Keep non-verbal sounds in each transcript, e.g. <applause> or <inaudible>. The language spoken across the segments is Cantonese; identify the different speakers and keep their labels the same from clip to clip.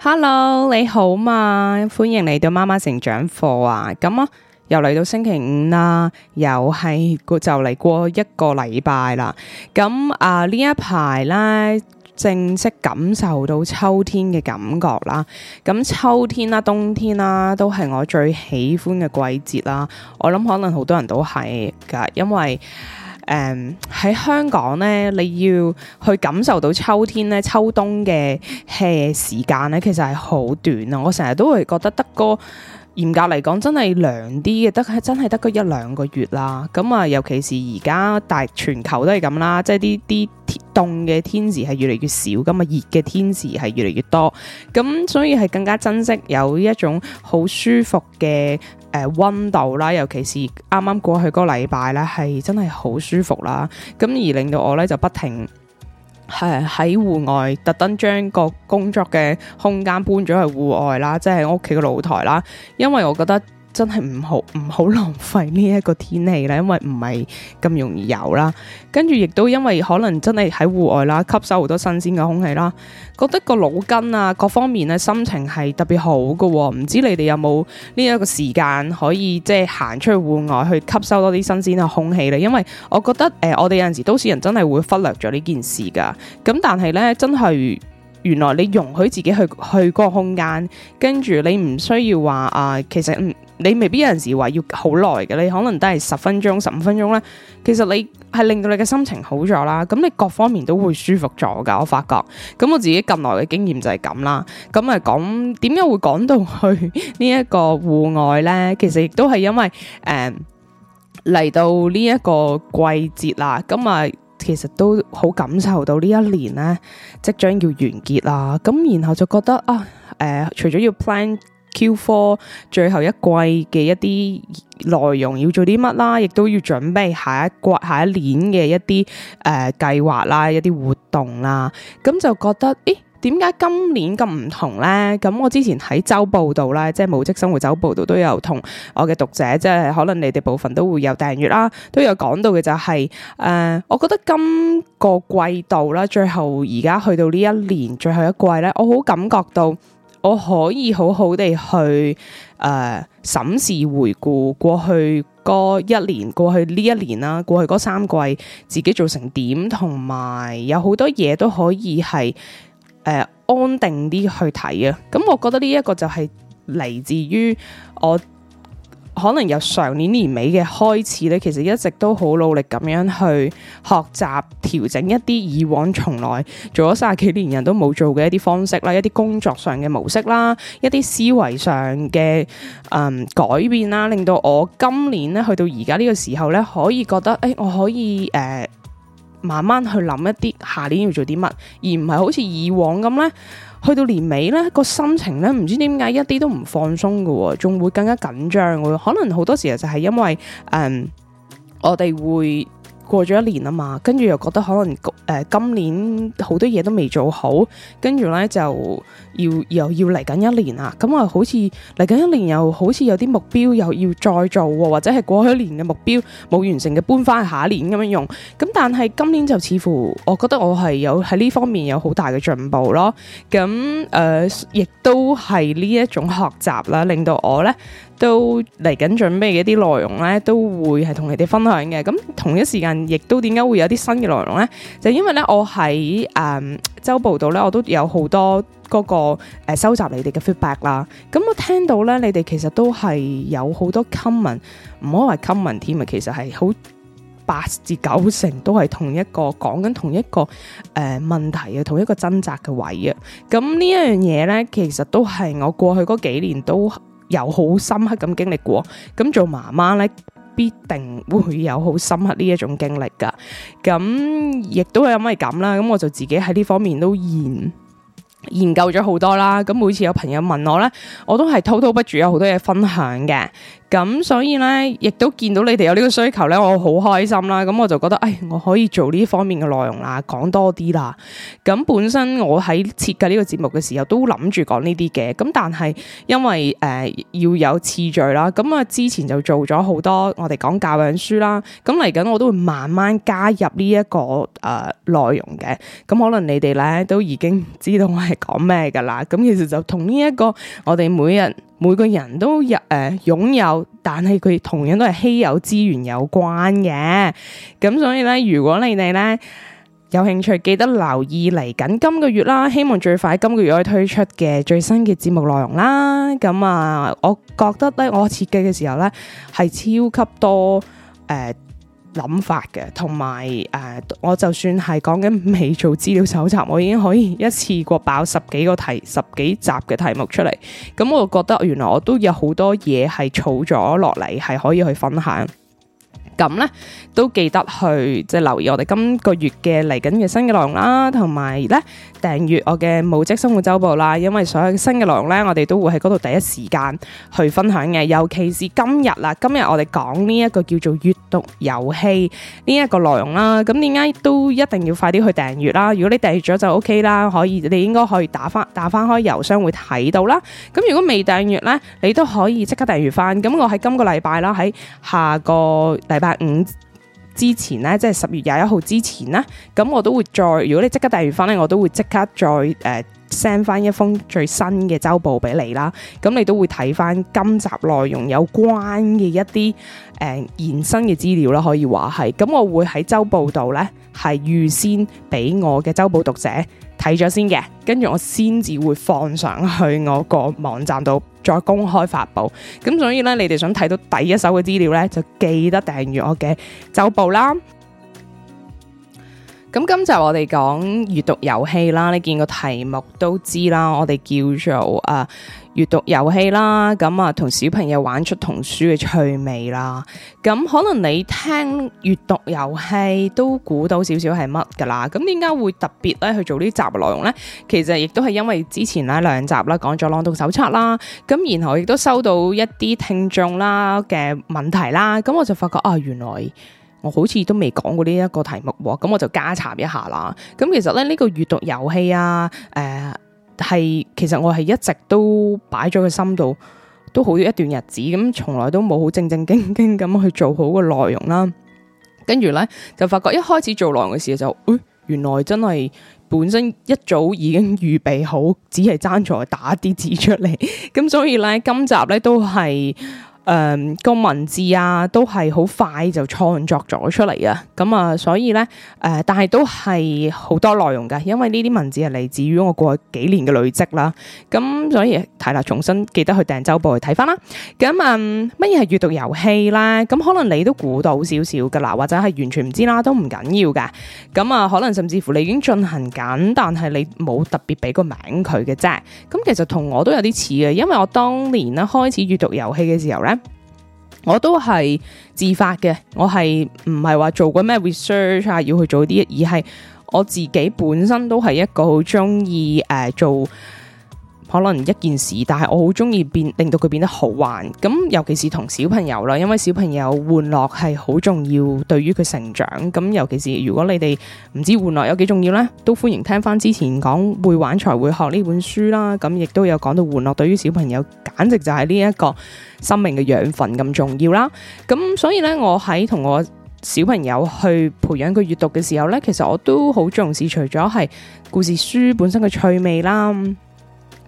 Speaker 1: Hello，你好嘛，歡迎嚟到媽媽成長課啊！咁、嗯、啊，又嚟到星期五啦，又係就嚟過一個禮拜啦。咁、嗯、啊，呢一排呢，正式感受到秋天嘅感覺啦。咁、嗯、秋天啦，冬天啦，都係我最喜歡嘅季節啦。我諗可能好多人都係噶，因為。誒喺、um，香港呢，你要去感受到秋天呢、秋冬嘅 heat 時間呢，其實係好短啊！我成日都會覺得得個。嚴格嚟講，真係涼啲嘅，得係真係得個一兩個月啦。咁啊，尤其是而家大全球都係咁啦，即係啲啲凍嘅天時係越嚟越少，咁啊熱嘅天時係越嚟越多。咁所以係更加珍惜有一種好舒服嘅誒温度啦。尤其是啱啱過去嗰個禮拜咧，係真係好舒服啦。咁而令到我咧就不停。係，喺戶外特登將個工作嘅空間搬咗去戶外啦，即係我屋企嘅露台啦，因為我覺得。真係唔好唔好浪費呢一個天氣啦，因為唔係咁容易有啦。跟住亦都因為可能真係喺戶外啦，吸收好多新鮮嘅空氣啦，覺得個腦筋啊各方面咧、啊、心情係特別好嘅、啊。唔知你哋有冇呢一個時間可以即係行出去戶外去吸收多啲新鮮嘅空氣啦？因為我覺得誒、呃，我哋有陣時都市人真係會忽略咗呢件事噶。咁但係呢，真係原來你容許自己去去個空間，跟住你唔需要話啊、呃，其實嗯。你未必有陣時話要好耐嘅，你可能都係十分鐘、十五分鐘咧。其實你係令到你嘅心情好咗啦，咁你各方面都會舒服咗噶。我發覺，咁我自己近來嘅經驗就係咁啦。咁啊咁，點解會講到去呢一個戶外呢？其實亦都係因為誒嚟、呃、到呢一個季節啦。咁啊，其實都好感受到呢一年呢，即將要完結啦。咁然後就覺得啊，誒、呃，除咗要 plan。Q4 最後一季嘅一啲內容要做啲乜啦，亦都要準備下一季、下一年嘅一啲誒計劃啦，一啲活動啦，咁就覺得咦，點、欸、解今年咁唔同咧？咁我之前喺周報度咧，即係《母職生活》周報度都有同我嘅讀者，即係可能你哋部分都會有訂閱啦，都有講到嘅就係、是、誒、呃，我覺得今個季度啦，最後而家去到呢一年最後一季咧，我好感覺到。我可以好好地去誒、呃、審視、回顧過去嗰一年、過去呢一年啦，過去嗰三季自己做成點，同埋有好多嘢都可以係誒、呃、安定啲去睇啊！咁我覺得呢一個就係嚟自於我。可能由上年年尾嘅開始咧，其實一直都好努力咁樣去學習調整一啲以往從來做咗三十幾年人都冇做嘅一啲方式啦，一啲工作上嘅模式啦，一啲思維上嘅嗯改變啦，令到我今年咧去到而家呢個時候咧，可以覺得誒、欸，我可以誒、呃、慢慢去諗一啲下年要做啲乜，而唔係好似以往咁咧。去到年尾咧，個心情咧唔知點解一啲都唔放鬆嘅、喎，仲會更加緊張嘅。可能好多時候就係因為，嗯，我哋會。過咗一年啊嘛，跟住又覺得可能，誒、呃，今年好多嘢都未做好，跟住呢，就要又要嚟緊一年啦。咁啊，好似嚟緊一年，又好似有啲目標又要再做、哦，或者係過去一年嘅目標冇完成嘅，搬翻下一年咁樣用。咁但係今年就似乎，我覺得我係有喺呢方面有好大嘅進步咯。咁誒、呃，亦都係呢一種學習啦，令到我呢。都嚟緊準備嘅啲內容咧，都會係同你哋分享嘅。咁同一時間，亦都點解會有啲新嘅內容呢？就是因為咧，我喺誒、呃、周報度咧，我都有好多嗰、嗰個誒收集你哋嘅 feedback 啦。咁我聽到咧，你哋其實都係有好多 common 唔好話 common 添啊，其實係好八至九成都係同一個講緊同一個誒、呃、問題啊，同一個掙扎嘅位啊。咁呢一樣嘢呢，其實都係我過去嗰幾年都。有好深刻咁經歷過，咁做媽媽咧必定會有好深刻呢一種經歷㗎，咁亦都係因為咁啦，咁我就自己喺呢方面都研研究咗好多啦，咁每次有朋友問我咧，我都係滔滔不絕有好多嘢分享嘅。咁所以咧，亦都見到你哋有呢個需求咧，我好開心啦！咁我就覺得，哎，我可以做呢方面嘅內容啦，講多啲啦。咁本身我喺設計呢個節目嘅時候，都諗住講呢啲嘅。咁但係因為誒、呃、要有次序啦，咁啊之前就做咗好多我哋講教養書啦。咁嚟緊我都會慢慢加入呢、這、一個誒、呃、內容嘅。咁可能你哋咧都已經知道我係講咩噶啦。咁其實就同呢一個我哋每日。每個人都有誒、呃、擁有，但係佢同樣都係稀有資源有關嘅。咁所以咧，如果你哋咧有興趣，記得留意嚟緊今，今個月啦。希望最快今個月可以推出嘅最新嘅節目內容啦。咁啊，我覺得咧，我設計嘅時候咧係超級多誒、呃諗法嘅，同埋誒，我就算係講緊未做資料搜集，我已經可以一次過爆十幾個題、十幾集嘅題目出嚟。咁、嗯、我覺得原來我都有好多嘢係儲咗落嚟，係可以去分享。咁呢都記得去即係、就是、留意我哋今個月嘅嚟緊嘅新嘅內容啦，同埋呢。訂閱我嘅母職生活週報啦，因為所有新嘅內容呢，我哋都會喺嗰度第一時間去分享嘅。尤其是今日啦，今日我哋講呢一個叫做閱讀遊戲呢一個內容啦。咁點解都一定要快啲去訂閱啦。如果你訂閱咗就 OK 啦，可以你應該可以打返打返開郵箱會睇到啦。咁如果未訂閱呢，你都可以即刻訂閱返。咁我喺今個禮拜啦，喺下個禮拜五。之前呢，即係十月廿一號之前啦，咁我都會再，如果你即刻訂閱翻咧，我都會即刻再誒 send 翻一封最新嘅週報俾你啦。咁你都會睇翻今集內容有關嘅一啲誒、呃、延伸嘅資料啦，可以話係。咁我會喺週報度呢，係預先俾我嘅週報讀者。睇咗先嘅，跟住我先至會放上去我個網站度再公開發布。咁所以呢，你哋想睇到第一手嘅資料呢，就記得訂閱我嘅週報啦。咁今集我哋講閱讀遊戲啦，你見個題目都知啦，我哋叫做誒閱讀遊戲啦，咁啊同小朋友玩出童書嘅趣味啦。咁、嗯、可能你聽閱讀遊戲都估到少少係乜噶啦。咁點解會特別咧去做呢集內容呢？其實亦都係因為之前啦兩集啦講咗朗讀手冊啦，咁然後亦都收到一啲聽眾啦嘅問題啦，咁我就發覺啊原來。我好似都未講過呢一個題目喎，咁我就加插一下啦。咁其實咧呢、這個閱讀遊戲啊，誒、呃、係其實我係一直都擺咗個心度，都好一段日子，咁從來都冇好正正經經咁去做好個內容啦。跟住呢，就發覺一開始做內容嘅時候就，誒、哎、原來真係本身一早已經預備好，只係爭在打啲字出嚟。咁所以呢，今集呢都係。誒，嗯、那個文字啊，都係好快就創作咗出嚟啊！咁、嗯、啊，所以咧，誒、呃，但係都係好多內容噶，因為呢啲文字係嚟自於我過去幾年嘅累積啦。咁、嗯、所以睇啦，重新記得去訂週報去睇返啦。咁、嗯，乜嘢係閱讀遊戲咧？咁、嗯、可能你都估到少少噶啦，或者係完全唔知啦，都唔緊要噶。咁、嗯、啊、嗯，可能甚至乎你已經進行緊，但係你冇特別俾個名佢嘅啫。咁、嗯、其實同我都有啲似嘅，因為我當年咧開始閱讀遊戲嘅時候咧。我都係自發嘅，我係唔係話做過咩 research 啊，要去做啲，而係我自己本身都係一個好鍾意誒做。可能一件事，但係我好中意變，令到佢變得好玩咁。尤其是同小朋友啦，因為小朋友玩樂係好重要，對於佢成長咁。尤其是如果你哋唔知玩樂有幾重要呢，都歡迎聽翻之前講會玩才會學呢本書啦。咁亦都有講到玩樂對於小朋友簡直就係呢一個生命嘅養分咁重要啦。咁所以呢，我喺同我小朋友去培養佢閱讀嘅時候呢，其實我都好重視，除咗係故事書本身嘅趣味啦。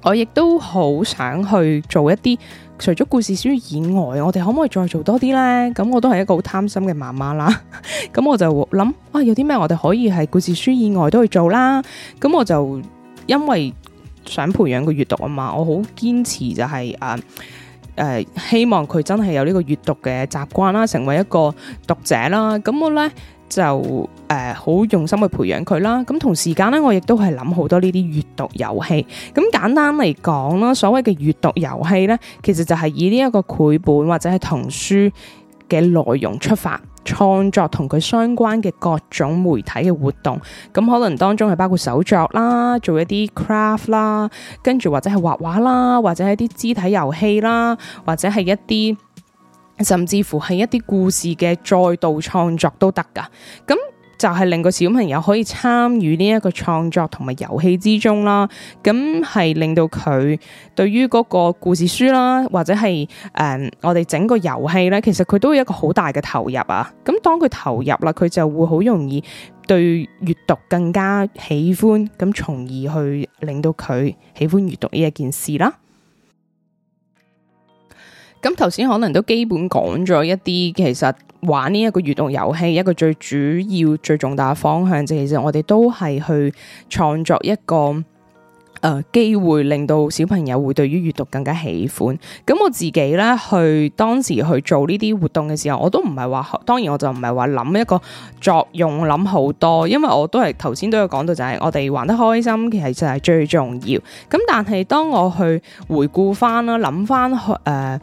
Speaker 1: 我亦都好想去做一啲除咗故事書以外，我哋可唔可以再做多啲呢？咁我都係一個好貪心嘅媽媽啦。咁 <laughs> 我就諗啊，有啲咩我哋可以係故事書以外都去做啦。咁我就因為想培養個閱讀啊嘛，我好堅持就係、是、啊。Uh, 誒、呃，希望佢真係有呢個閱讀嘅習慣啦，成為一個讀者啦。咁我咧就誒好、呃、用心去培養佢啦。咁同時間咧，我亦都係諗好多呢啲閱讀遊戲。咁簡單嚟講啦，所謂嘅閱讀遊戲咧，其實就係以呢一個繪本或者係童書嘅內容出發。創作同佢相關嘅各種媒體嘅活動，咁可能當中係包括手作啦，做一啲 craft 啦，跟住或者係畫畫啦，或者係啲肢體遊戲啦，或者係一啲甚至乎係一啲故事嘅再度創作都得㗎，咁。就係令個小朋友可以參與呢一個創作同埋遊戲之中啦，咁係令到佢對於嗰個故事書啦，或者係誒、呃、我哋整個遊戲咧，其實佢都有一個好大嘅投入啊！咁當佢投入啦，佢就會好容易對閱讀更加喜歡，咁從而去令到佢喜歡閱讀呢一件事啦。咁頭先可能都基本講咗一啲，其實玩呢一個閱讀遊戲一個最主要、最重大嘅方向，即其實我哋都係去創作一個誒機會，令到小朋友會對於閱讀更加喜歡。咁我自己咧，去當時去做呢啲活動嘅時候，我都唔係話，當然我就唔係話諗一個作用諗好多，因為我都係頭先都有講到，就係我哋玩得開心，其實就係最重要。咁但係當我去回顧翻啦，諗翻去誒。呃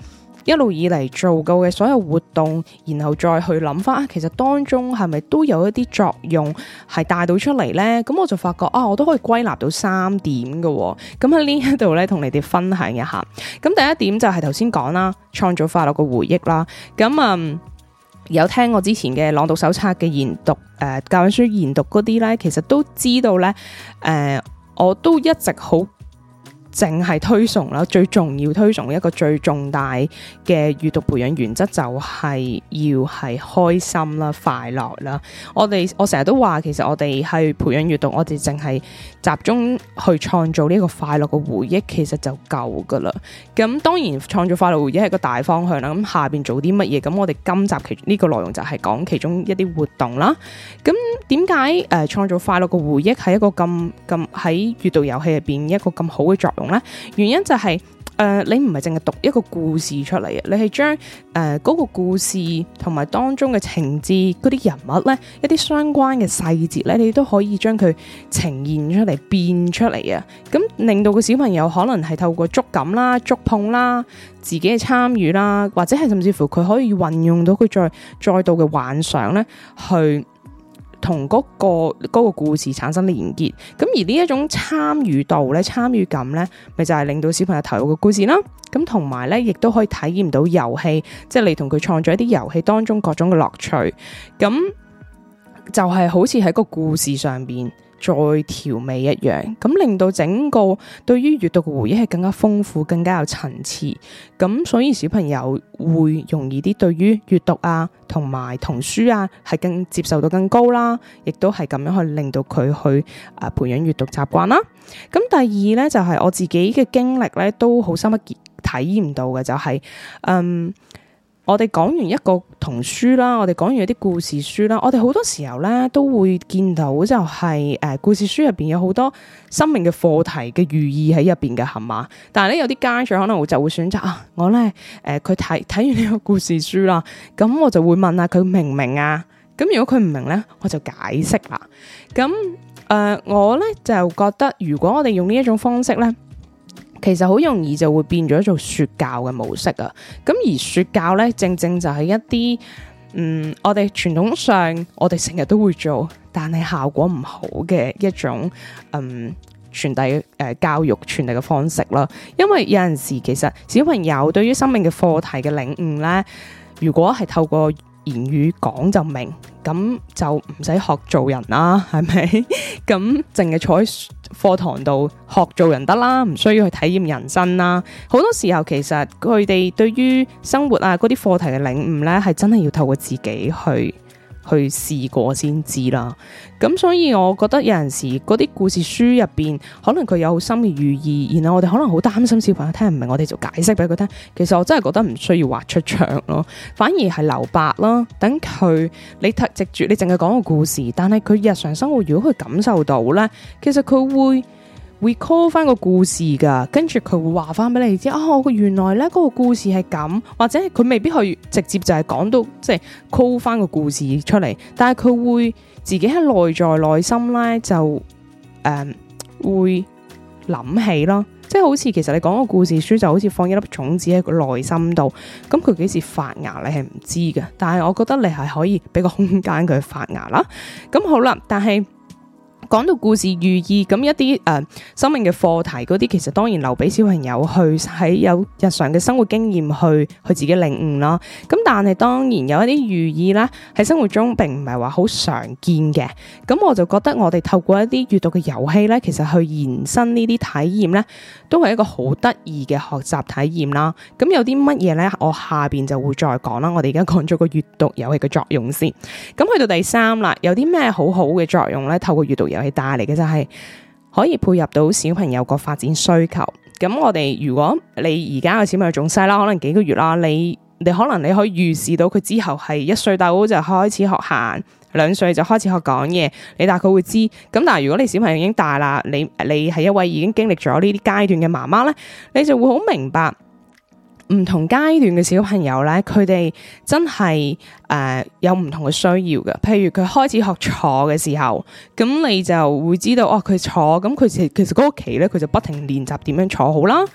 Speaker 1: 一路以嚟做過嘅所有活動，然後再去諗翻、啊，其實當中係咪都有一啲作用係帶到出嚟呢？咁我就發覺啊，我都可以歸納到三點㗎、哦。咁喺呢一度咧，同你哋分享一下。咁第一點就係頭先講啦，創造快樂嘅回憶啦。咁啊、嗯，有聽我之前嘅朗讀手冊嘅研讀誒、呃，教養書研讀嗰啲呢，其實都知道呢，誒、呃，我都一直好。淨係推崇啦，最重要推崇一個最重大嘅閱讀培養原則就係要係開心啦、快樂啦。我哋我成日都話，其實我哋係培養閱讀，我哋淨係集中去創造呢個快樂嘅回憶，其實就夠噶啦。咁當然，創造快樂回憶係個大方向啦。咁下邊做啲乜嘢？咁我哋今集其呢、這個內容就係講其中一啲活動啦。咁點解誒創造快樂嘅回憶係一個咁咁喺閱讀遊戲入邊一個咁好嘅作用？原因就係、是、誒、呃，你唔係淨係讀一個故事出嚟啊，你係將誒嗰、呃那個故事同埋當中嘅情節嗰啲人物咧，一啲相關嘅細節咧，你都可以將佢呈現出嚟變出嚟啊，咁令到個小朋友可能係透過觸感啦、觸碰啦、自己嘅參與啦，或者係甚至乎佢可以運用到佢再再度嘅幻想咧去。同嗰、嗰個、嗰個故事產生連結，咁而參與參與呢一種參與度咧，參與感咧，咪就係、是、令到小朋友投入個故事啦。咁同埋咧，亦都可以體驗到遊戲，即係你同佢創作一啲遊戲當中各種嘅樂趣。咁就係、是、好似喺個故事上邊。再調味一樣，咁令到整個對於閱讀嘅回憶係更加豐富、更加有層次，咁所以小朋友會容易啲對於閱讀啊，同埋童書啊，係更接受到更高到啦，亦都係咁樣去令到佢去啊培養閱讀習慣啦。咁第二呢，就係、是、我自己嘅經歷呢都好深刻結體驗到嘅就係、是，嗯。我哋講完一個童書啦，我哋講完一啲故事書啦，我哋好多時候咧都會見到就係、是、誒、呃、故事書入邊有好多生命嘅課題嘅寓意喺入邊嘅，係嘛？但係咧有啲家長可能就會選擇啊，我咧誒佢睇睇完呢個故事書啦，咁我就會問下佢明唔明啊？咁如果佢唔明咧，我就解釋啦。咁誒、呃、我咧就覺得如果我哋用呢一種方式咧。其實好容易就會變咗做說教嘅模式啊，咁而說教呢，正正就係一啲嗯，我哋傳統上我哋成日都會做，但係效果唔好嘅一種嗯傳遞誒教育傳遞嘅方式啦。因為有陣時其實小朋友對於生命嘅課題嘅領悟呢，如果係透過言語講就明。咁就唔使學做人啦，係咪？咁淨係坐喺課堂度學做人得啦，唔需要去體驗人生啦。好多時候其實佢哋對於生活啊嗰啲課題嘅領悟呢，係真係要透過自己去。去試過先知啦，咁所以我覺得有陣時嗰啲故事書入邊，可能佢有好深嘅寓意，然後我哋可能好擔心小朋友聽唔明，我哋就解釋俾佢聽。其實我真係覺得唔需要話出場咯，反而係留白啦，等佢你直住，你淨係講個故事，但係佢日常生活如果佢感受到呢，其實佢會。會 call 翻個故事噶，跟住佢會話翻俾你知哦，原來呢嗰個故事係咁，或者佢未必去直接就係講到，即係 call 翻個故事出嚟。但係佢會自己喺內在內心呢，就誒、呃、會諗起啦，即係好似其實你講個故事書就好似放一粒種子喺個內心度，咁佢幾時發芽你係唔知嘅。但係我覺得你係可以俾個空間佢發芽啦。咁、嗯、好啦，但係。講到故事寓意，咁一啲誒、呃、生命嘅課題嗰啲，其實當然留俾小朋友去喺有日常嘅生活經驗去去自己領悟咯。咁但係當然有一啲寓意啦，喺生活中並唔係話好常見嘅。咁我就覺得我哋透過一啲閱讀嘅遊戲咧，其實去延伸呢啲體驗咧，都係一個好得意嘅學習體驗啦。咁有啲乜嘢咧，我下邊就會再講啦。我哋而家講咗個閱讀遊戲嘅作用先。咁去到第三啦，有啲咩好好嘅作用咧？透過閱讀遊遊戲帶嚟嘅就係、是、可以配合到小朋友個發展需求。咁我哋如果你而家個小朋友仲細啦，可能幾個月啦，你你可能你可以預視到佢之後係一歲大就開始學行，兩歲就開始學講嘢。你大概佢會知。咁但係如果你小朋友已經大啦，你你係一位已經經歷咗呢啲階段嘅媽媽咧，你就會好明白。唔同階段嘅小朋友咧，佢哋真係誒、呃、有唔同嘅需要嘅。譬如佢開始學坐嘅時候，咁你就會知道，哦，佢坐，咁佢其其實嗰個期咧，佢就不停練習點樣坐好啦，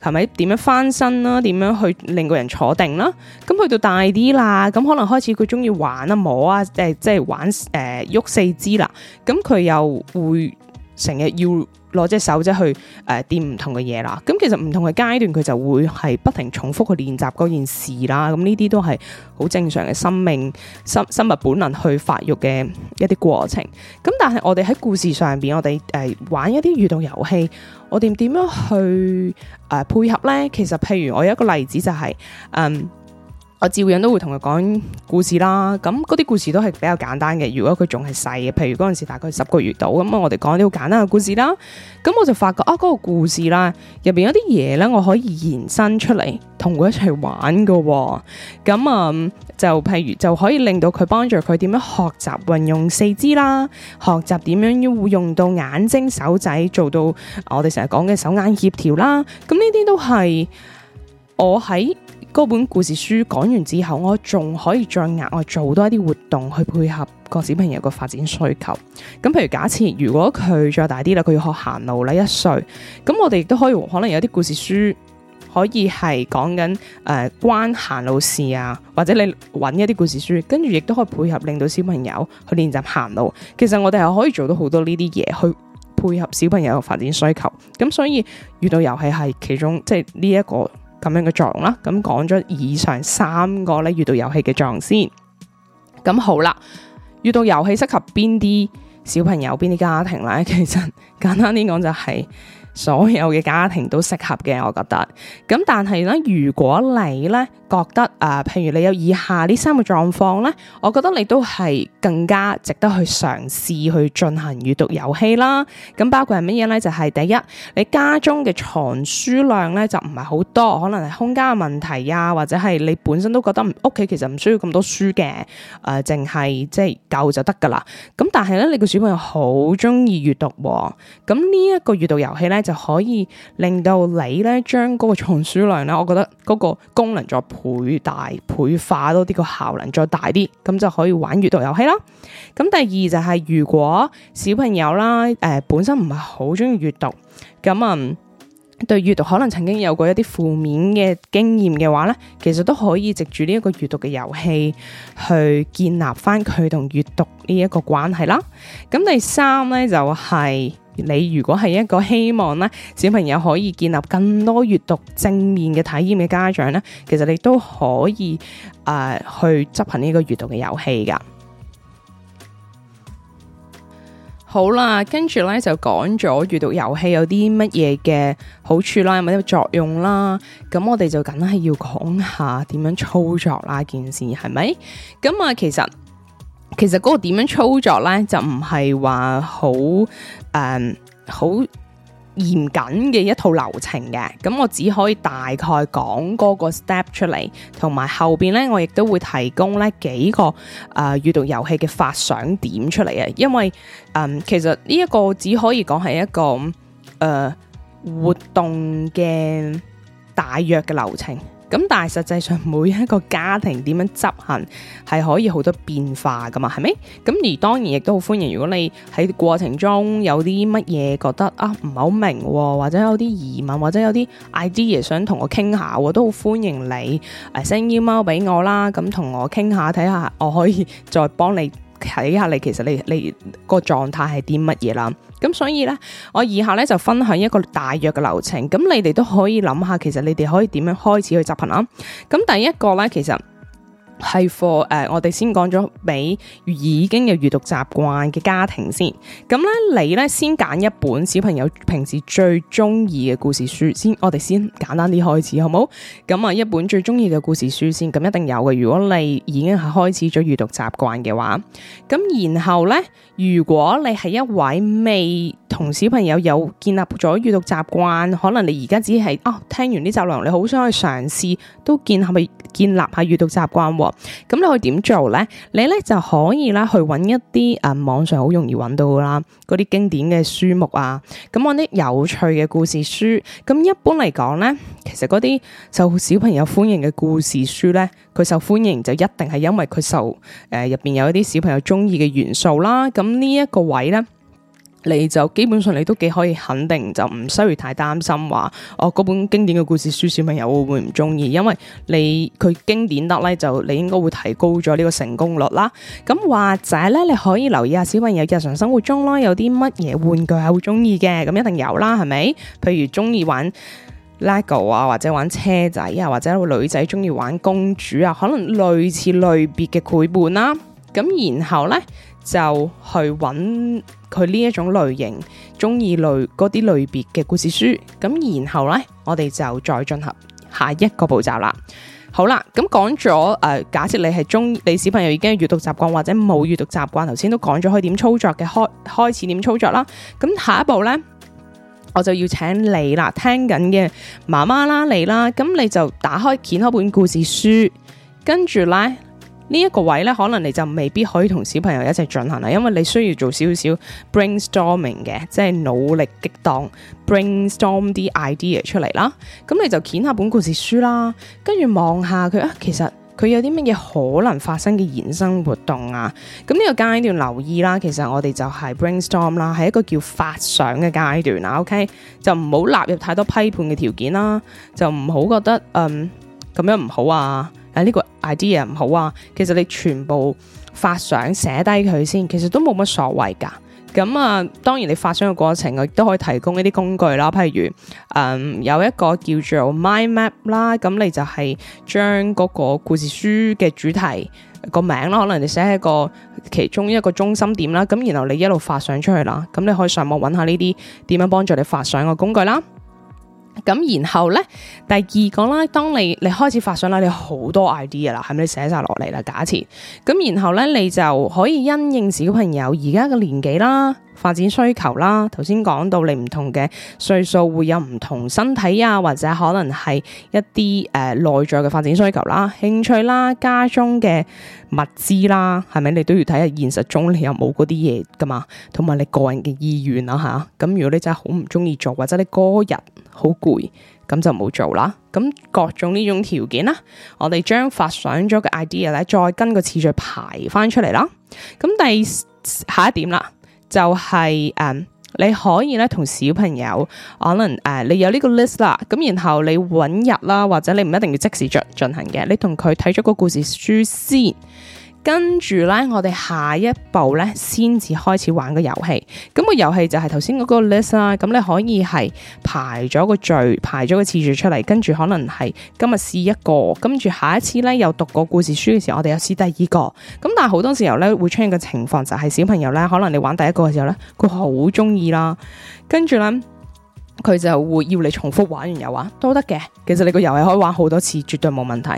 Speaker 1: 係咪點樣翻身啦，點樣去令個人坐定啦。咁去到大啲啦，咁可能開始佢鍾意玩啊摸啊，誒、呃、即係玩誒喐、呃、四肢啦，咁佢又會。成日要攞隻手仔去誒掂唔同嘅嘢啦，咁其實唔同嘅階段佢就會係不停重複去練習嗰件事啦，咁呢啲都係好正常嘅生命生生物本能去發育嘅一啲過程。咁、嗯、但係我哋喺故事上邊，我哋誒、呃、玩一啲閱讀遊戲，我哋點樣去誒、呃、配合呢？其實譬如我有一個例子就係、是、嗯。我照樣都會同佢講故事啦，咁嗰啲故事都係比較簡單嘅。如果佢仲係細嘅，譬如嗰陣時大概十個月到，咁啊，我哋講啲好簡單嘅故事啦。咁我就發覺啊，嗰個故事啦，入邊有啲嘢咧，我可以延伸出嚟同佢一齊玩噶、哦。咁啊、嗯，就譬如就可以令到佢幫助佢點樣學習運用四肢啦，學習點樣要用到眼睛手仔做到我哋成日講嘅手眼協調啦。咁呢啲都係我喺。嗰本故事書講完之後，我仲可以再額外做多一啲活動去配合個小朋友嘅發展需求。咁譬如假設如果佢再大啲啦，佢要學行路啦，一歲，咁我哋亦都可以可能有啲故事書可以係講緊誒關行路事啊，或者你搵一啲故事書，跟住亦都可以配合令到小朋友去練習行路。其實我哋係可以做到好多呢啲嘢去配合小朋友嘅發展需求。咁所以閱讀遊戲係其中即係呢一個。咁樣嘅作用啦，咁講咗以上三個咧，閱讀遊戲嘅作用先。咁好啦，閱讀遊戲適合邊啲小朋友、邊啲家庭咧？其實簡單啲講就係、是所有嘅家庭都適合嘅，我覺得。咁但係咧，如果你咧覺得啊、呃，譬如你有以下呢三個狀況咧，我覺得你都係更加值得去嘗試去進行閱讀遊戲啦。咁包括係乜嘢咧？就係、是、第一，你家中嘅藏書量咧就唔係好多，可能係空間嘅問題啊，或者係你本身都覺得屋企其實唔需要咁多書嘅。誒，淨係即係夠就得㗎啦。咁但係咧，你個小朋友好中意閱讀喎、哦。咁呢一個閱讀遊戲咧。就可以令到你咧將嗰個藏書量咧，我覺得嗰個功能再倍大、倍化多啲個效能再大啲，咁就可以玩閱讀遊戲啦。咁第二就係、是，如果小朋友啦，誒、呃、本身唔係好中意閱讀，咁啊、嗯、對閱讀可能曾經有過一啲負面嘅經驗嘅話咧，其實都可以藉住呢一個閱讀嘅遊戲去建立翻佢同閱讀呢一個關係啦。咁第三咧就係、是。你如果係一個希望咧，小朋友可以建立更多閱讀正面嘅體驗嘅家長咧，其實你都可以誒、呃、去執行呢個閱讀嘅遊戲噶好啦，跟住咧就講咗閱讀遊戲有啲乜嘢嘅好處啦，有冇啲作用啦？咁我哋就梗係要講下點樣操作啦，件事係咪？咁啊，其實其實嗰個點樣操作咧，就唔係話好。誒，好嚴謹嘅一套流程嘅，咁我只可以大概講嗰個 step 出嚟，同埋後邊呢，我亦都會提供呢幾個誒閱讀遊戲嘅發想點出嚟啊，因為誒、呃、其實呢一個只可以講係一個誒、呃、活動嘅大約嘅流程。咁但係實際上每一個家庭點樣執行係可以好多變化噶嘛，係咪？咁而當然亦都好歡迎，如果你喺過程中有啲乜嘢覺得啊唔係好明，或者有啲疑問，或者有啲 idea 想同我傾下，都好歡迎你誒，send email 俾我啦，咁同我傾下睇下，看看我可以再幫你。睇下你其實你你個狀態係啲乜嘢啦，咁所以咧，我以下咧就分享一個大約嘅流程，咁你哋都可以諗下，其實你哋可以點樣開始去執行。啊？咁第一個咧，其實。係 for 誒、uh，我哋先講咗俾已經有閲讀習慣嘅家庭先。咁咧，你咧先揀一本小朋友平時最鍾意嘅故事書先。我哋先簡單啲開始，好唔好？咁、嗯、啊，一本最鍾意嘅故事書先。咁、嗯、一定有嘅。如果你已經係開始咗閲讀習慣嘅話，咁、嗯、然後咧，如果你係一位未同小朋友有建立咗閲讀習慣，可能你而家只係啊、哦、聽完呢集落，你好想去嘗試都建係咪建立下閲讀習慣喎？咁你可以點做咧？你咧就可以、啊、啦，去揾一啲誒網上好容易揾到噶啦，嗰啲經典嘅書目啊，咁揾啲有趣嘅故事書。咁一般嚟講咧，其實嗰啲受小朋友歡迎嘅故事書咧，佢受歡迎就一定係因為佢受誒入邊有一啲小朋友中意嘅元素啦。咁呢一個位咧。你就基本上你都幾可以肯定，就唔需要太擔心話，我、哦、嗰本經典嘅故事書小朋友會唔會唔中意？因為你佢經典得呢，就你應該會提高咗呢個成功率啦。咁或者呢，你可以留意下小朋友日常生活中啦，有啲乜嘢玩具係好中意嘅，咁一定有啦，係咪？譬如中意玩 LEGO 啊，或者玩車仔啊，或者女仔中意玩公主啊，可能類似類別嘅繪本啦。咁然後呢。就去揾佢呢一種類型，中意類嗰啲類別嘅故事書，咁然後呢，我哋就再進行下一個步驟啦。好啦，咁講咗誒，假設你係中，你小朋友已經有閱讀習慣或者冇閱讀習慣，頭先都講咗可以點操作嘅，開開始點操作啦。咁下一步呢，我就要請你啦，聽緊嘅媽媽啦，你啦，咁你就打開揭開本故事書，跟住呢。呢一個位咧，可能你就未必可以同小朋友一齊進行啦，因為你需要做少少 brainstorming 嘅，即係努力激盪 brainstorm 啲 idea 出嚟啦。咁、嗯、你就揀下本故事書啦，跟住望下佢啊，其實佢有啲乜嘢可能發生嘅衍生活動啊。咁、嗯、呢、這個階段留意啦，其實我哋就係 brainstorm 啦，係一個叫發想嘅階段啦。OK，就唔好納入太多批判嘅條件啦，就唔好覺得嗯咁樣唔好啊。誒、啊、呢、這個。idea 唔好啊，其實你全部發想寫低佢先，其實都冇乜所謂㗎。咁啊，當然你發想嘅過程我亦都可以提供一啲工具啦，譬如誒、嗯、有一個叫做 Mind Map 啦，咁你就係將嗰個故事書嘅主題個、呃、名啦，可能你寫喺個其中一個中心點啦，咁然後你一路發想出去啦，咁你可以上網揾下呢啲點樣幫助你發想嘅工具啦。咁然後咧，第二個啦，當你你開始發想啦，你好多 idea 啦，係咪你寫晒落嚟啦？假設，咁然後咧，你就可以因應小朋友而家嘅年紀啦。發展需求啦，頭先講到你唔同嘅歲數會有唔同身體啊，或者可能係一啲誒、呃、內在嘅發展需求啦、興趣啦、家中嘅物資啦，係咪？你都要睇下現實中你有冇嗰啲嘢噶嘛？同埋你個人嘅意願啦、啊、吓、啊、咁。如果你真係好唔中意做或者你嗰日好攰，咁就冇做啦。咁各種呢種條件啦，我哋將發想咗嘅 idea 咧，再跟個次序排翻出嚟啦。咁第下一點啦。就係、是、誒，um, 你可以咧同小朋友可能誒，uh, 你有呢個 list 啦，咁然後你搵日啦，或者你唔一定要即時進進行嘅，你同佢睇咗個故事書先。跟住呢，我哋下一步呢，先至開始玩個遊戲。咁、嗯、個遊戲就係頭先嗰個 list 啦。嗯、咁你可以係排咗個序，排咗個次序出嚟。跟住可能係今日試一個，跟住下一次呢，又讀個故事書嘅時候，我哋又試第二個。咁、嗯、但係好多時候呢，會出現個情況，就係小朋友呢，可能你玩第一個嘅時候呢，佢好中意啦，跟住呢。佢就會要你重複玩完又玩都得嘅，其實你個遊戲可以玩好多次，絕對冇問題。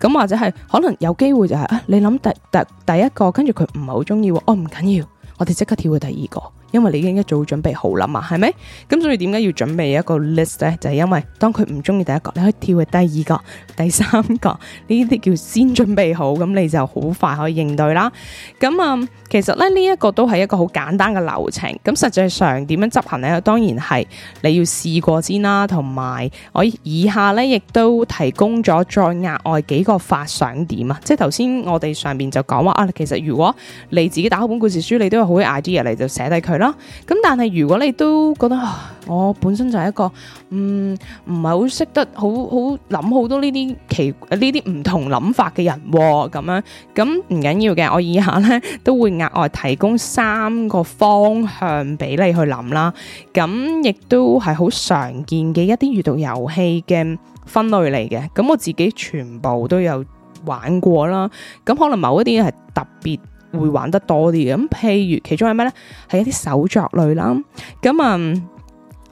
Speaker 1: 咁或者係，可能有機會就係、是、啊，你諗第第第一個，跟住佢唔係好中意，哦唔緊要，我哋即刻跳去第二個。因為你已經一早準備好啦嘛，係咪？咁所以點解要準備一個 list 咧？就係、是、因為當佢唔中意第一個，你可以跳去第二個、第三個，呢啲叫先準備好，咁你就好快可以應對啦。咁啊、嗯，其實咧呢、這個、一個都係一個好簡單嘅流程。咁實際上點樣執行呢？當然係你要試過先啦，同埋我以下呢亦都提供咗再額外幾個發想點啊！即係頭先我哋上邊就講話啊，其實如果你自己打開本故事書，你都有好嘅 idea 你就寫低佢。啦，咁但係如果你都覺得啊我本身就係一個，嗯，唔係好識得好好諗好多呢啲奇呢啲唔同諗法嘅人喎，咁樣咁唔緊要嘅，我以下咧都會額外提供三個方向俾你去諗啦，咁亦都係好常見嘅一啲閱讀遊戲嘅分類嚟嘅，咁我自己全部都有玩過啦，咁可能某一啲係特別。會玩得多啲嘅，咁、嗯、譬如其中係咩呢？係一啲手作類啦，咁啊、嗯、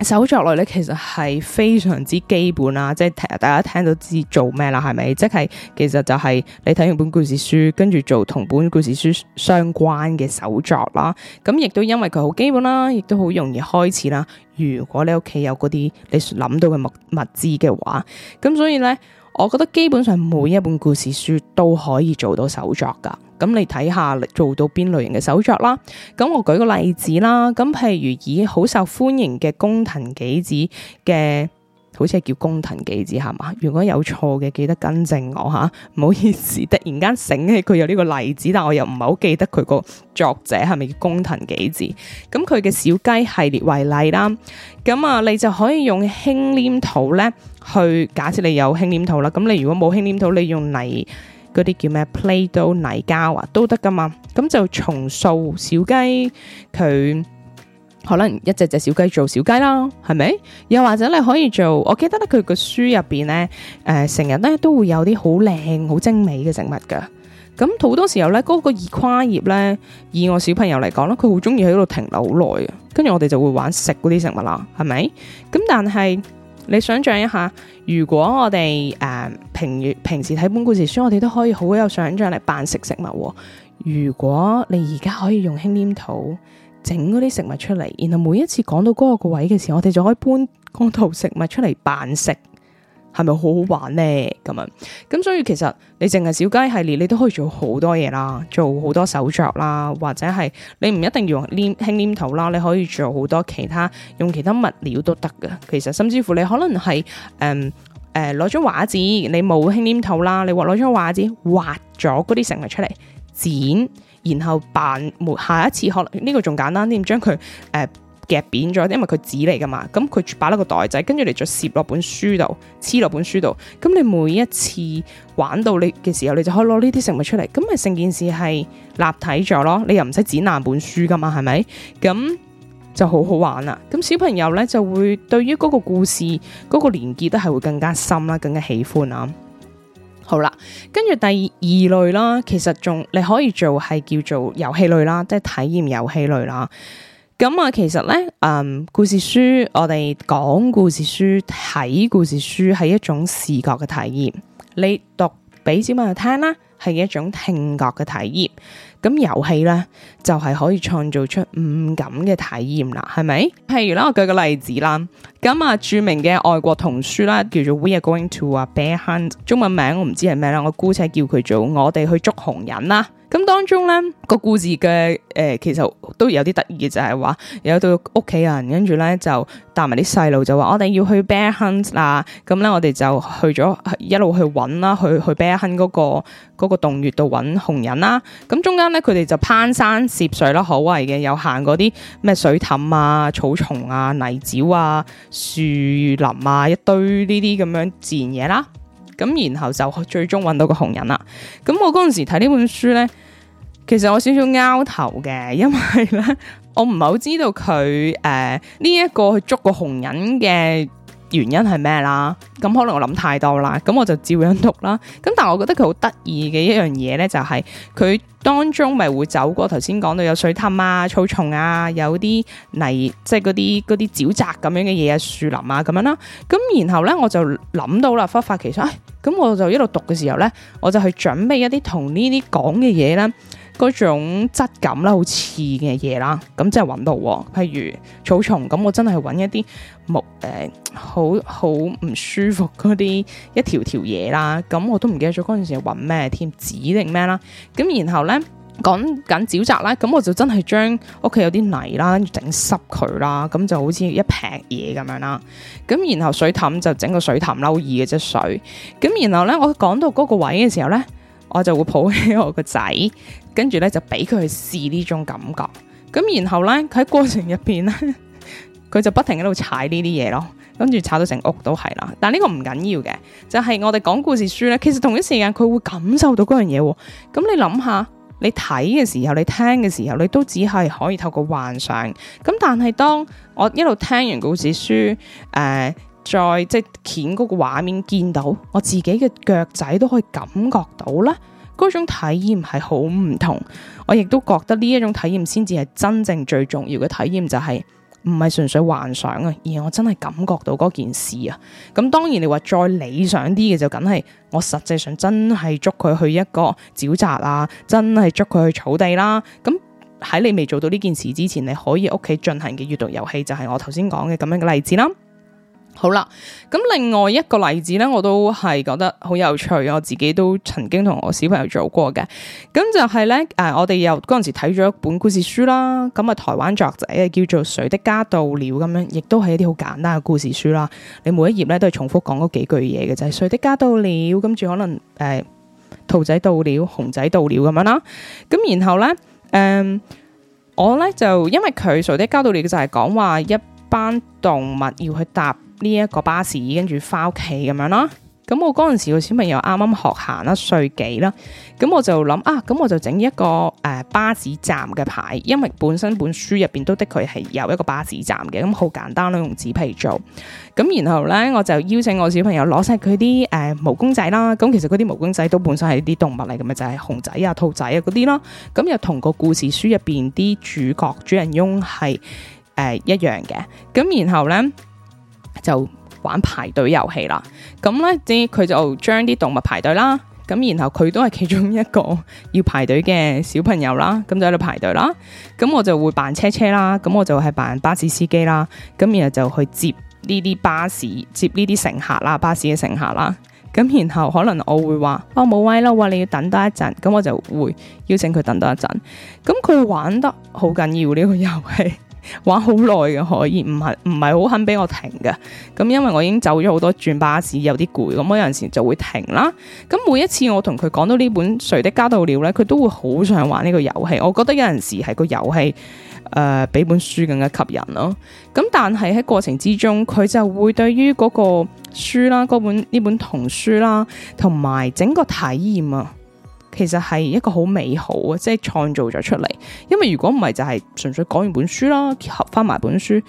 Speaker 1: 手作類呢其實係非常之基本啦，啊，即係大家聽到知做咩啦，係咪？即係其實就係你睇完本故事書，跟住做同本故事書相關嘅手作啦。咁、嗯、亦都因為佢好基本啦，啊，亦都好容易開始啦，啊。如果你屋企有嗰啲你諗到嘅物物資嘅話，咁所以呢，我覺得基本上每一本故事書都可以做到手作㗎。咁你睇下做到邊類型嘅手作啦。咁我舉個例子啦。咁譬如以好受歡迎嘅工藤紀子嘅，好似係叫工藤紀子係嘛？如果有錯嘅，記得跟正我吓，唔好意思。突然間醒起佢有呢個例子，但我又唔係好記得佢個作者係咪叫工藤紀子。咁佢嘅小雞系列為例啦。咁啊，你就可以用輕黏土咧，去假設你有輕黏土啦。咁你如果冇輕黏土，你用泥。嗰啲叫咩？Play-Doh 泥膠啊，都得噶嘛。咁就重塑小雞，佢可能一隻隻小雞做小雞啦，係咪？又或者你可以做，我記得咧佢個書入邊咧，誒，成日咧都會有啲好靚、好精美嘅食物噶。咁好多時候咧，嗰個二跨頁咧，以我小朋友嚟講咧，佢好中意喺度停留好耐啊。跟住我哋就會玩食嗰啲食物啦，係咪？咁但係。你想象一下，如果我哋、呃、平、平時睇本故事書，我哋都可以好有想象力扮食食物、哦。如果你而家可以用輕黏土整嗰啲食物出嚟，然後每一次講到嗰個位嘅時，我哋就可以搬嗰套食物出嚟扮食。係咪好好玩呢？咁啊，咁所以其實你淨係小雞系列，你都可以做好多嘢啦，做好多手作啦，或者係你唔一定要黏輕黏土啦，你可以做好多其他，用其他物料都得㗎。其實甚至乎你可能係誒誒攞張畫紙，你冇輕黏土啦，你或攞張畫紙畫咗嗰啲食物出嚟剪，然後扮。下一次可能呢個仲簡單啲，將佢誒。呃夾扁咗，因為佢紙嚟噶嘛，咁佢擺落個袋仔，跟住嚟就攝落本書度，黐落本書度，咁你每一次玩到你嘅時候，你就可以攞呢啲食物出嚟，咁咪成件事係立體咗咯，你又唔使剪爛本書噶嘛，係咪？咁就好好玩啦。咁小朋友咧就會對於嗰個故事嗰個連結都係會更加深啦，更加喜歡喇。好啦，跟住第二類啦，其實仲你可以做係叫做遊戲類啦，即係體驗遊戲類啦。咁啊，其實咧，嗯，故事書我哋講故事書、睇故事書係一種視覺嘅體驗，你讀俾小朋友聽啦，係一種聽覺嘅體驗。咁、嗯、遊戲咧就係、是、可以創造出五感嘅體驗啦，係咪？譬如啦，我舉個例子啦，咁啊，著名嘅外國童書啦，叫做 We are going to a bear hunt，中文名我唔知係咩啦，我姑且叫佢做我哋去捉熊人啦。咁當中咧、那個故事嘅誒、呃，其實都有啲得意嘅，就係、是、話有對屋企人跟住咧就帶埋啲細路，就話我哋要去 bear hunt 啦。咁、嗯、咧我哋就去咗一路去揾啦，去去 bear hunt 嗰、那個嗰、那個洞穴度揾熊人啦。咁、嗯、中間咧佢哋就攀山涉水啦，所謂嘅，有行過啲咩水凼啊、草叢啊、泥沼啊、樹林啊一堆呢啲咁樣自然嘢啦。咁然後就最終揾到個紅人啦。咁我嗰陣時睇呢本書呢，其實我少少拗頭嘅，因為呢，我唔係好知道佢誒呢一個去捉個紅人嘅。原因係咩啦？咁可能我諗太多啦，咁我就照樣讀啦。咁但係我覺得佢好得意嘅一樣嘢咧，就係佢當中咪會走過頭先講到有水氹啊、草叢啊、有啲泥，即係嗰啲啲沼澤咁樣嘅嘢啊、樹林啊咁樣啦。咁然後咧，我就諗到啦，忽發奇想，咁我就一路讀嘅時候咧，我就去準備一啲同呢啲講嘅嘢啦。嗰種質感啦，好似嘅嘢啦，咁即係揾到。譬如草叢，咁我真係揾一啲木誒、呃，好好唔舒服嗰啲一條條嘢啦。咁我都唔記得咗嗰陣時揾咩添，紙定咩啦。咁然後呢，講緊沼澤啦，咁我就真係將屋企有啲泥啦，跟住整濕佢啦，咁就好似一劈嘢咁樣啦。咁然後水凼就整個水凼撈易嘅啫水。咁然後呢，我講到嗰個位嘅時候呢，我就會抱起我個仔，跟住咧就俾佢去試呢種感覺，咁然後呢，佢喺過程入邊呢，佢 <laughs> 就不停喺度踩呢啲嘢咯，跟住踩到成屋都係啦。但呢個唔緊要嘅，就係、是、我哋講故事書呢，其實同一時間佢會感受到嗰樣嘢。咁、嗯、你諗下，你睇嘅時候，你聽嘅時候，你都只係可以透過幻想。咁、嗯、但係當我一路聽完故事書，誒、呃。再即係鉗個畫面見到，我自己嘅腳仔都可以感覺到啦。嗰種體驗係好唔同，我亦都覺得呢一種體驗先至係真正最重要嘅體驗，就係唔係純粹幻想啊，而我真係感覺到嗰件事啊。咁當然你話再理想啲嘅就梗係我實際上真係捉佢去一個沼澤啊，真係捉佢去草地啦。咁喺你未做到呢件事之前，你可以屋企進行嘅閱讀遊戲就係我頭先講嘅咁樣嘅例子啦。好啦，咁另外一個例子咧，我都係覺得好有趣，我自己都曾經同我小朋友做過嘅，咁就係咧，誒、呃，我哋又嗰陣時睇咗一本故事書啦，咁啊，台灣作者叫做《誰的家到了》咁樣，亦都係一啲好簡單嘅故事書啦。你每一頁咧都係重複講嗰幾句嘢嘅就啫，《誰的家到了》，跟住可能誒、呃，兔仔到了，熊仔到了咁樣啦。咁然後咧，誒、呃，我咧就因為佢《誰的家到了》就係講話一班動物要去搭。呢一個巴士，跟住翻屋企咁樣啦。咁我嗰陣時個小朋友啱啱學行啦，歲幾啦？咁我就諗啊，咁我就整一個誒、呃、巴士站嘅牌，因為本身本書入邊都的確係有一個巴士站嘅，咁好簡單啦，用紙皮做。咁然後呢，我就邀請我小朋友攞晒佢啲誒毛公仔啦。咁其實佢啲毛公仔都本身係啲動物嚟嘅，咪就係、是、熊仔啊、兔仔啊嗰啲咯。咁又同個故事書入邊啲主角主人翁係誒、呃、一樣嘅。咁然後呢。就玩排隊遊戲啦，咁呢，即佢就將啲動物排隊啦，咁然後佢都係其中一個要排隊嘅小朋友啦，咁就喺度排隊啦，咁我就會扮車車啦，咁我就係扮巴士司機啦，咁然後就去接呢啲巴士，接呢啲乘客啦，巴士嘅乘客啦，咁然後可能我會話，哦，冇位啦，話你要等多一陣，咁我就會邀請佢等多一陣，咁佢玩得好緊要呢個遊戲。玩好耐嘅可以，唔係唔係好肯俾我停嘅。咁因為我已經走咗好多轉巴士，有啲攰，咁我有陣時就會停啦。咁每一次我同佢講到呢本《誰的家到了》呢，佢都會好想玩呢個遊戲。我覺得有陣時係個遊戲誒比本書更加吸引咯。咁但係喺過程之中，佢就會對於嗰個書啦，嗰本呢本童書啦，同埋整個體驗啊。其實係一個好美好啊，即係創造咗出嚟。因為如果唔係，就係純粹講完本書啦，合返埋本書。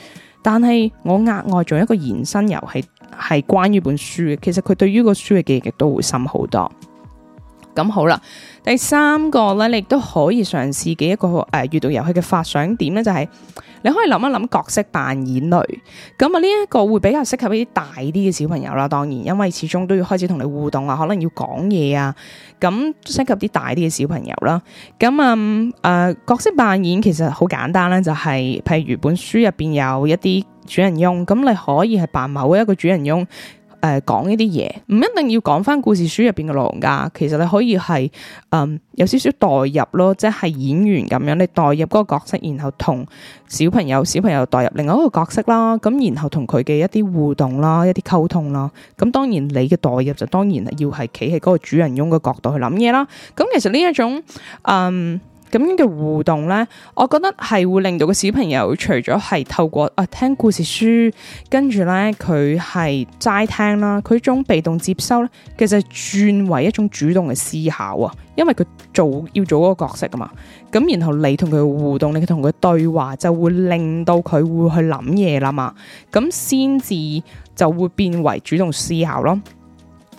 Speaker 1: 但係我額外做一個延伸遊戲，係關於本書嘅。其實佢對於個書嘅記憶都會深好多。咁好啦，第三個咧，你亦都可以嘗試嘅一個誒閱讀遊戲嘅發想點咧，就係你可以諗一諗角色扮演類。咁啊呢一個會比較適合一啲大啲嘅小朋友啦。當然，因為始終都要開始同你互動啊，可能要講嘢啊，咁適合啲大啲嘅小朋友啦。咁啊誒角色扮演其實好簡單咧，就係譬如本書入邊有一啲主人翁，咁你可以係扮某一個主人翁。誒、呃、講呢啲嘢，唔一定要講返故事書入邊嘅狼啊！其實你可以係嗯有少少代入咯，即係演員咁樣，你代入嗰個角色，然後同小朋友、小朋友代入另外一個角色啦。咁然後同佢嘅一啲互動啦、一啲溝通啦。咁當然你嘅代入就當然要係企喺嗰個主人翁嘅角度去諗嘢啦。咁其實呢一種嗯。咁樣嘅互動咧，我覺得係會令到個小朋友除咗係透過啊聽故事書，跟住咧佢係齋聽啦，佢呢種被動接收咧，其實係轉為一種主動嘅思考啊，因為佢做要做嗰個角色噶嘛，咁然後你同佢互動，你同佢對話，就會令到佢會去諗嘢啦嘛，咁先至就會變為主動思考咯。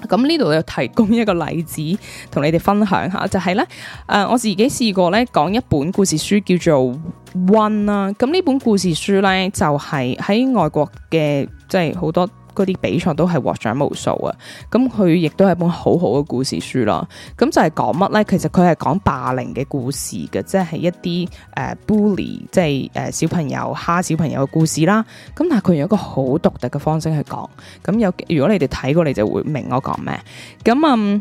Speaker 1: 咁呢度又提供一個例子，同你哋分享下，就係咧，誒，我自己試過咧講一本故事書叫做《One》啦，咁呢本故事書咧就係喺外國嘅，即係好多。嗰啲比賽都係獲獎無數啊！咁佢亦都係一本好好嘅故事書咯。咁就係講乜呢？其實佢係講霸凌嘅故事嘅，即係一啲誒、uh, bully，即係誒小朋友蝦小朋友嘅故事啦。咁但係佢用一個好獨特嘅方式去講。咁有，如果你哋睇過，你就會明我講咩。咁嗯。Um,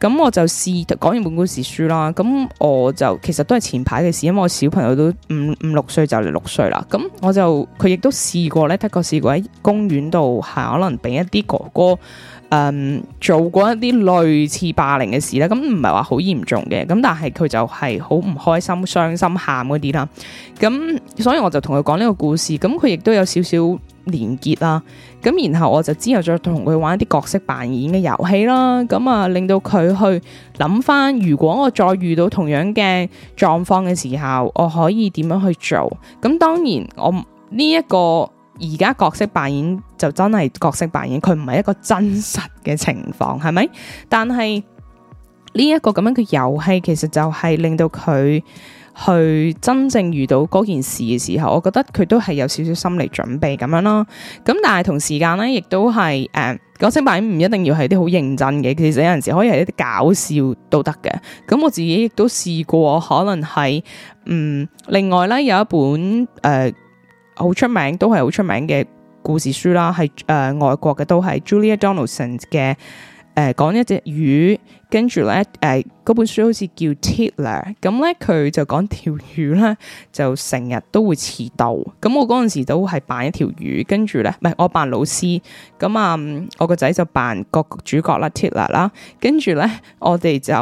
Speaker 1: 咁我就試講完本故事書啦，咁我就其實都係前排嘅事，因為我小朋友都五五六歲就嚟六歲啦，咁我就佢亦都試過咧，得個試過喺公園度行，可能俾一啲哥哥。嗯，做過一啲類似霸凌嘅事咧，咁唔係話好嚴重嘅，咁、嗯、但係佢就係好唔開心、傷心、喊嗰啲啦。咁所以我就同佢講呢個故事，咁佢亦都有少少連結啦。咁、嗯、然後我就之後再同佢玩一啲角色扮演嘅遊戲啦。咁、嗯、啊、嗯，令到佢去諗翻，如果我再遇到同樣嘅狀況嘅時候，我可以點樣去做？咁、嗯、當然我呢一、這個。而家角色扮演就真係角色扮演，佢唔係一個真實嘅情況，係咪？但係呢一個咁樣嘅遊戲，其實就係令到佢去真正遇到嗰件事嘅時候，我覺得佢都係有少少心理準備咁樣咯。咁但係同時間呢，亦都係誒、呃、角色扮演唔一定要係啲好認真嘅，其實有陣時可以係一啲搞笑都得嘅。咁我自己亦都試過，可能係嗯另外咧有一本誒。呃好出名都係好出名嘅故事書啦，係誒、呃、外國嘅都係 Julia Donaldson 嘅誒講、呃、一隻魚，跟住咧誒嗰本書好似叫 Tiddler 咁、嗯、咧佢就講條魚咧就成日都會遲到，咁、嗯、我嗰陣時都係扮一條魚，跟住咧唔係我扮老師，咁、嗯、啊我個仔就扮個主角啦 Tiddler 啦、嗯，跟住咧我哋就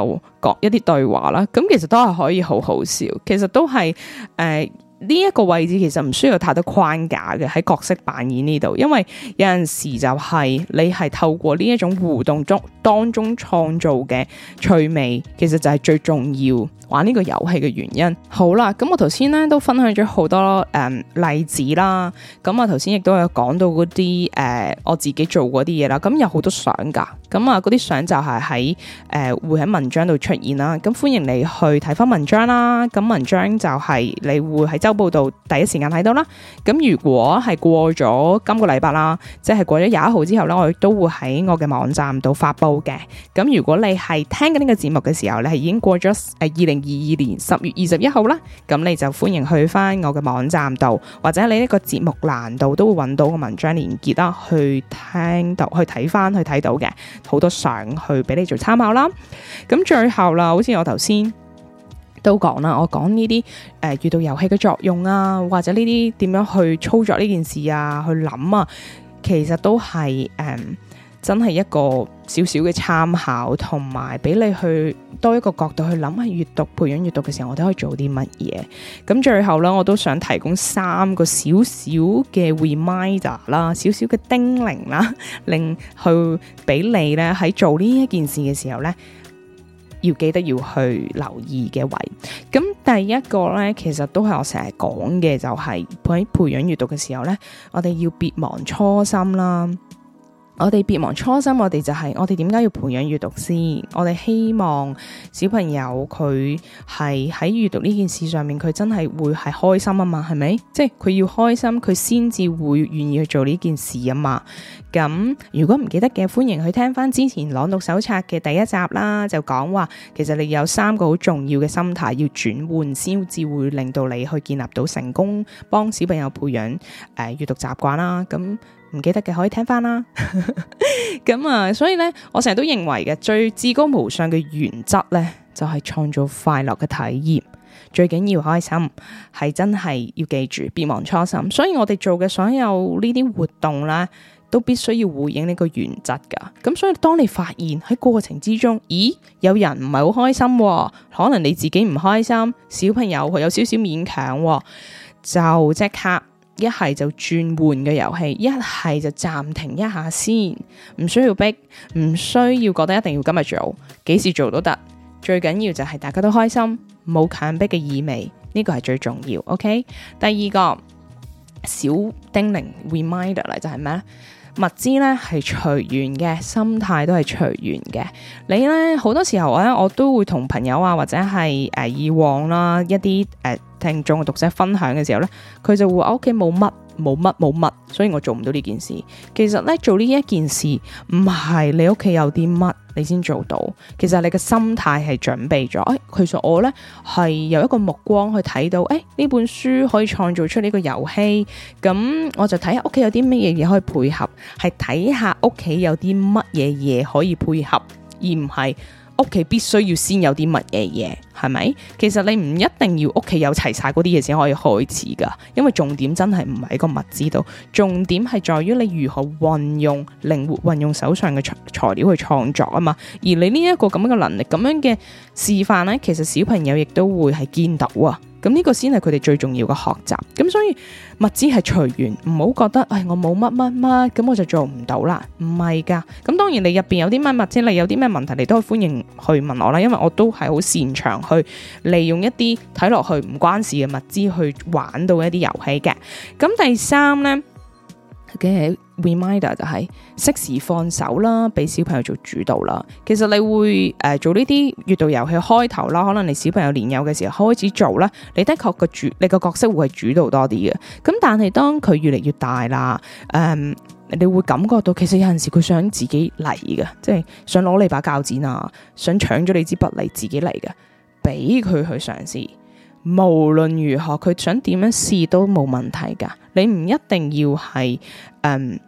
Speaker 1: 講一啲對話啦，咁、嗯、其實都係可以好好笑，其實都係誒。呃呢一個位置其實唔需要太多框架嘅，喺角色扮演呢度，因為有陣時就係你係透過呢一種互動中當中創造嘅趣味，其實就係最重要玩呢個遊戲嘅原因。好啦，咁我頭先咧都分享咗好多誒、嗯、例子啦，咁啊頭先亦都有講到嗰啲誒我自己做過啲嘢啦，咁有好多相㗎，咁啊嗰啲相就係喺誒會喺文章度出現啦，咁歡迎你去睇翻文章啦，咁文章就係你會喺周報道第一時間睇到啦，咁如果係過咗今個禮拜啦，即係過咗廿一號之後咧，我亦都會喺我嘅網站度發佈嘅。咁如果你係聽緊呢個節目嘅時候，你係已經過咗誒二零二二年十月二十一號啦，咁你就歡迎去翻我嘅網站度，或者你呢個節目欄度都會揾到個文章連結啦、啊，去聽到去睇翻去睇到嘅好多相去俾你做參考啦。咁最後啦，好似我頭先。都講啦，我講呢啲誒，閱、呃、讀遊戲嘅作用啊，或者呢啲點樣去操作呢件事啊，去諗啊，其實都係誒、嗯，真係一個少少嘅參考，同埋俾你去多一個角度去諗下，閱讀培養閱讀嘅時候，我都可以做啲乜嘢。咁最後咧，我都想提供三個少少嘅 reminder 啦，少少嘅叮嚀啦，令去俾你咧喺做呢一件事嘅時候咧，要記得要去留意嘅位，咁第一個咧，其實都係我成日講嘅，就係喺培養閱讀嘅時候咧，我哋要別忘初心啦。我哋別忘初心，我哋就係，我哋點解要培養閱讀先？我哋希望小朋友佢係喺閱讀呢件事上面，佢真係會係開心啊嘛？係咪？即係佢要開心，佢先至會願意去做呢件事啊嘛。咁如果唔記得嘅，歡迎去聽返之前朗讀手冊嘅第一集啦，就講話其實你有三個好重要嘅心態要轉換，先至會令到你去建立到成功幫小朋友培養誒閱讀習慣啦。咁。唔記得嘅可以聽返啦，咁 <laughs> 啊，所以呢，我成日都認為嘅最至高無上嘅原則呢，就係、是、創造快樂嘅體驗，最緊要開心，係真係要記住，別忘初心。所以我哋做嘅所有呢啲活動呢，都必須要回應呢個原則噶。咁所以當你發現喺過程之中，咦，有人唔係好開心、喎，可能你自己唔開心，小朋友佢有少少勉強、喎，就即刻。一係就轉換嘅遊戲，一係就暫停一下先，唔需要逼，唔需要覺得一定要今日做，幾時做都得，最緊要就係大家都開心，冇強逼嘅意味，呢個係最重要。OK，第二個小叮嚀 reminder 嚟就係咩？物資呢係隨緣嘅，心態都係隨緣嘅。你呢，好多時候呢，我都會同朋友啊，或者係誒、呃、以往啦一啲誒。呃聽眾嘅讀者分享嘅時候呢，佢就會話屋企冇乜，冇乜，冇乜，所以我做唔到呢件事。其實呢，做呢一件事，唔係你屋企有啲乜你先做到，其實你嘅心態係準備咗。誒、哎，其實我呢係由一個目光去睇到，誒、哎、呢本書可以創造出呢個遊戲，咁我就睇下屋企有啲乜嘢嘢可以配合，係睇下屋企有啲乜嘢嘢可以配合，而唔係屋企必須要先有啲乜嘢嘢，係咪？其實你唔一定要屋企有齊晒嗰啲嘢，先可以開始噶因為重點真係唔係喺個物資度，重點係在於你如何運用靈活運用手上嘅材材料去創作啊嘛。而你呢一個咁樣嘅能力，咁樣嘅示範呢，其實小朋友亦都會係見到啊。咁呢個先係佢哋最重要嘅學習，咁所以物資係隨緣，唔好覺得，哎，我冇乜乜乜，咁我就做唔到啦，唔係噶，咁當然你入邊有啲乜物資，你有啲咩問題，你都可以歡迎去問我啦，因為我都係好擅長去利用一啲睇落去唔關事嘅物資去玩到一啲遊戲嘅，咁第三呢。嘅 reminder 就係、是，適時放手啦，俾小朋友做主導啦。其實你會誒、呃、做呢啲閱讀遊戲開頭啦，可能你小朋友年幼嘅時候開始做啦，你的確個主你個角色會係主導多啲嘅。咁但係當佢越嚟越大啦，誒、嗯、你會感覺到其實有陣時佢想自己嚟嘅，即係想攞你把鉸剪啊，想搶咗你支筆嚟自己嚟嘅，俾佢去嘗試。無論如何，佢想點樣試都冇問題㗎。你唔一定要係，嗯，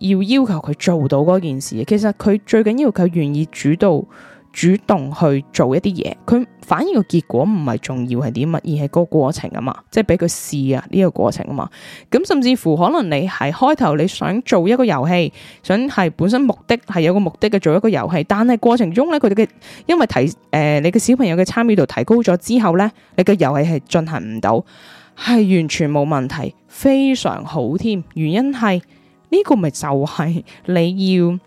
Speaker 1: 要要求佢做到嗰件事。其實佢最緊要佢願意主導。主動去做一啲嘢，佢反而個結果唔係重要係點乜，而係個過程啊嘛，即係俾佢試啊呢、這個過程啊嘛。咁甚至乎可能你係開頭你想做一個遊戲，想係本身目的係有個目的嘅，做一個遊戲，但係過程中咧佢哋嘅因為提誒、呃、你嘅小朋友嘅參與度提高咗之後咧，你嘅遊戲係進行唔到，係完全冇問題，非常好添。原因係呢、這個咪就係你要。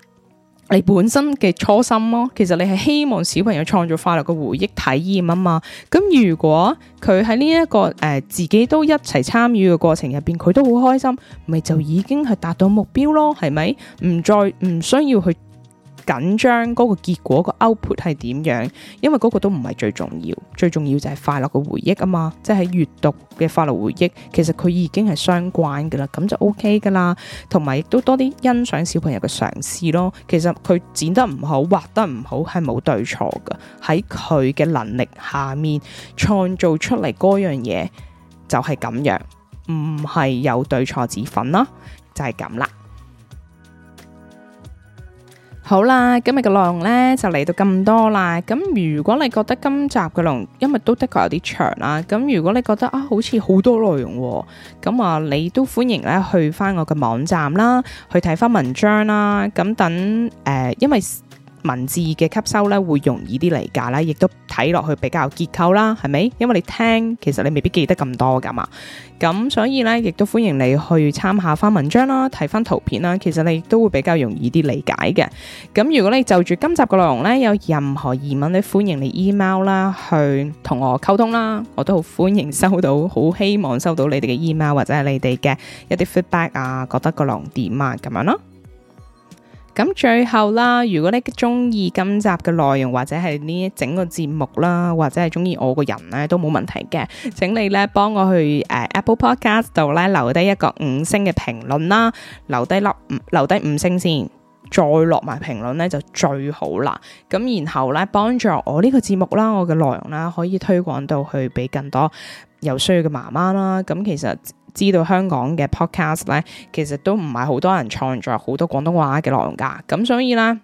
Speaker 1: 你本身嘅初心咯，其實你係希望小朋友創造快樂嘅回憶體驗啊嘛。咁如果佢喺呢一個、呃、自己都一齊參與嘅過程入面，佢都好開心，咪就已經係達到目標咯，係咪？唔再唔需要去緊張嗰個結果個 output 係點樣？因為嗰個都唔係最重要，最重要就係快樂嘅回憶啊嘛！即係閱讀嘅快樂回憶，其實佢已經係相關噶啦，咁就 OK 噶啦。同埋亦都多啲欣賞小朋友嘅嘗試咯。其實佢剪得唔好，畫得唔好，係冇對錯噶。喺佢嘅能力下面創造出嚟嗰樣嘢，就係咁樣，唔係有對錯之分啦。就係咁啦。好啦，今日嘅內容呢就嚟到咁多啦。咁如果你覺得今集嘅內容因為都的確有啲長啦、啊，咁如果你覺得啊，好似好多內容、啊，咁啊你都歡迎呢去翻我嘅網站啦，去睇翻文章啦。咁等誒、呃，因為。文字嘅吸收咧，會容易啲理解啦，亦都睇落去比較結構啦，係咪？因為你聽，其實你未必記得咁多噶嘛。咁所以咧，亦都歡迎你去參考翻文章啦，睇翻圖片啦，其實你亦都會比較容易啲理解嘅。咁如果你就住今集嘅內容咧，有任何疑問咧，歡迎你 email 啦，去同我溝通啦，我都好歡迎收到，好希望收到你哋嘅 email 或者係你哋嘅一啲 feedback 啊，覺得個內容點啊，咁樣咯。咁最後啦，如果你中意今集嘅內容，或者係呢整個節目啦，或者係中意我個人咧，都冇問題嘅，請你咧幫我去誒、uh, Apple Podcast 度咧留低一個五星嘅評論啦，留低粒留低五星先，再落埋評論咧就最好啦。咁然後咧，幫助我呢個節目啦，我嘅內容啦，可以推廣到去俾更多有需要嘅媽媽啦。咁其實。知道香港嘅 podcast 咧，其實都唔係好多人創作好多廣東話嘅內容噶，咁所以啦，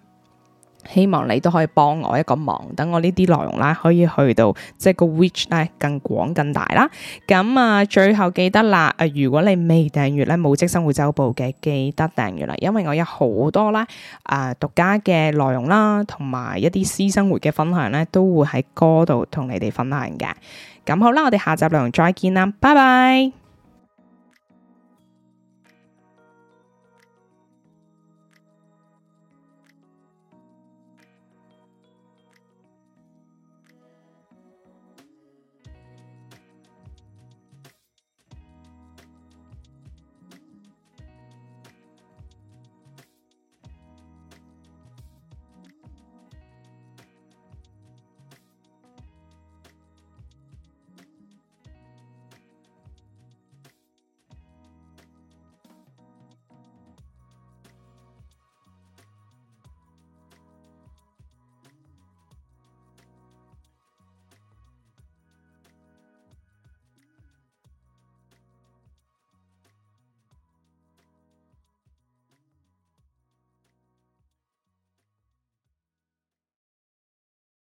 Speaker 1: 希望你都可以幫我一個忙，等我呢啲內容啦，可以去到即係個 reach 咧更廣更大啦。咁啊，最後記得啦，啊如果你未訂閱咧《母職生活週報》嘅，記得訂閱啦，因為我有好多啦，啊、呃、獨家嘅內容啦，同埋一啲私生活嘅分享咧，都會喺歌度同你哋分享嘅。咁好啦，我哋下集內容再見啦，拜拜。